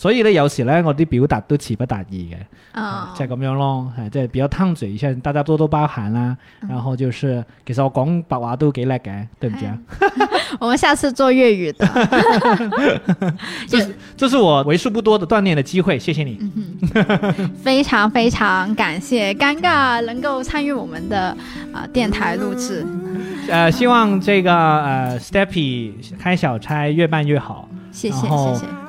所以呢，有時呢，我啲表達都詞不達意嘅，啊，就係咁樣咯，係即係比較燙嘴，大家多多包涵啦。然後就是，其實我講白話都幾叻嘅，對唔住啊。我們下次做粵語的，就係，這是我為數不多的鍛鍊的機會，謝謝你。非常非常感謝，尷尬能夠參與我們的啊電台錄製。呃，希望這個呃 Steppy 開小差越辦越好，謝謝，謝謝。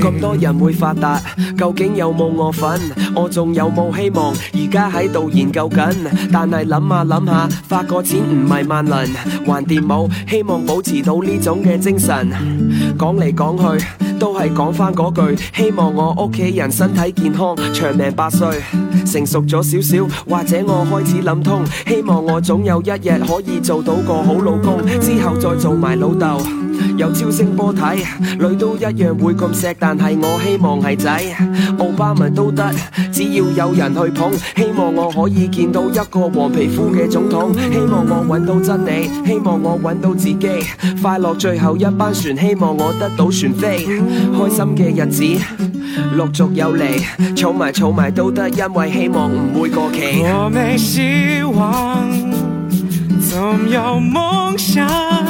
咁多人會發達，究竟有冇我份？我仲有冇希望？而家喺度研究緊，但係諗下諗下，發個錢唔係萬能，還掂冇？希望保持到呢種嘅精神。講嚟講去，都係講返嗰句，希望我屋企人身體健康，長命百歲。成熟咗少少，或者我開始諗通，希望我總有一日可以做到個好老公，之後再做埋老豆。」有超聲波睇，女都一樣會咁錫，但係我希望係仔，奧巴馬都得，只要有人去捧，希望我可以見到一個黃皮膚嘅總統，希望我搵到真理，希望我搵到自己，快樂最後一班船，希望我得到船飛，開心嘅日子陸續有嚟，儲埋儲埋都得，因為希望唔會過期。我未希望，總有夢想。